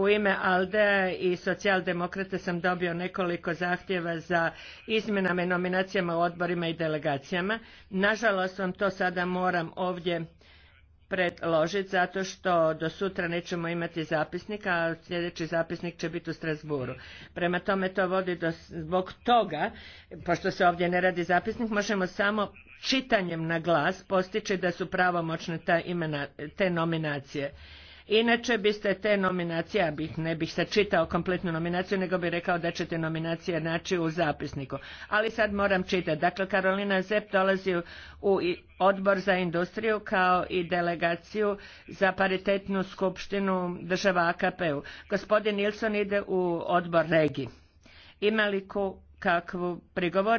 U ime ALDE i socijaldemokrata sam dobio nekoliko zahtjeva za izmjenama i nominacijama u odborima i delegacijama. Nažalost vam to sada moram ovdje predložiti zato što do sutra nećemo imati zapisnika, a sljedeći zapisnik će biti u Strasburu. Prema tome to vodi do, zbog toga, pošto se ovdje ne radi zapisnik, možemo samo čitanjem na glas postići da su pravomoćne te nominacije. Inače biste te nominacije, ja bih, ne bih sad čitao kompletnu nominaciju, nego bih rekao da ćete nominacije naći u zapisniku. Ali sad moram čitati. Dakle, Karolina Zep dolazi u odbor za industriju kao i delegaciju za paritetnu skupštinu država AKP-u. Gospodin Nilsson ide u odbor regi. Ima li kakvu prigovor?